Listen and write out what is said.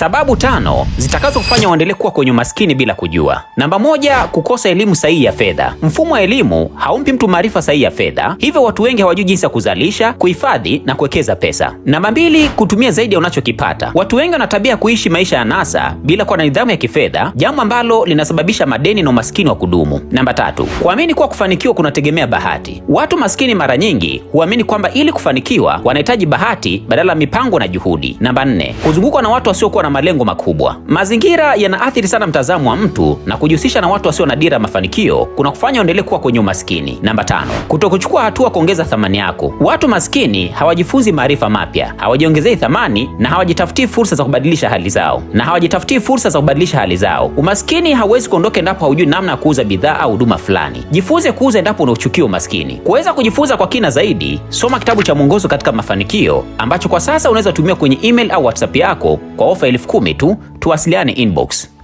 Sababu tano zitakazofanya waendelee kuwa kwenye umaskini bila kujua. Namba moja, kukosa elimu sahihi ya fedha. Mfumo wa elimu haumpi mtu maarifa sahihi ya fedha, hivyo watu wengi hawajui jinsi ya kuzalisha, kuhifadhi na kuwekeza pesa. Namba mbili, kutumia zaidi ya unachokipata. Watu wengi wana tabia kuishi maisha ya nasa bila kuwa na nidhamu ya kifedha, jambo ambalo linasababisha madeni na umaskini wa kudumu. Namba tatu, kuamini kuwa kufanikiwa kunategemea bahati. Watu maskini mara nyingi huamini kwamba ili kufanikiwa wanahitaji bahati badala ya mipango na juhudi. Namba nne, kuzungukwa na watu wasiokuwa na na malengo makubwa. Mazingira yanaathiri sana mtazamo wa mtu na kujihusisha na watu wasio na dira ya mafanikio kuna kufanya uendelee kuwa kwenye umaskini. Namba tano, kutokuchukua hatua kuongeza thamani yako. Watu maskini hawajifunzi maarifa mapya, hawajiongezei thamani na hawajitafutii fursa za kubadilisha hali zao na hawajitafutii fursa za kubadilisha hali zao. Umaskini hauwezi kuondoka endapo haujui namna ya kuuza bidhaa au huduma fulani. Jifunze kuuza endapo unachukia umaskini. Kuweza kujifunza kwa kina zaidi, soma kitabu cha Mwongozo katika Mafanikio ambacho kwa sasa unaweza tumia kwenye email au WhatsApp yako kwa ofa elfu kumi tu, tuwasiliane inbox.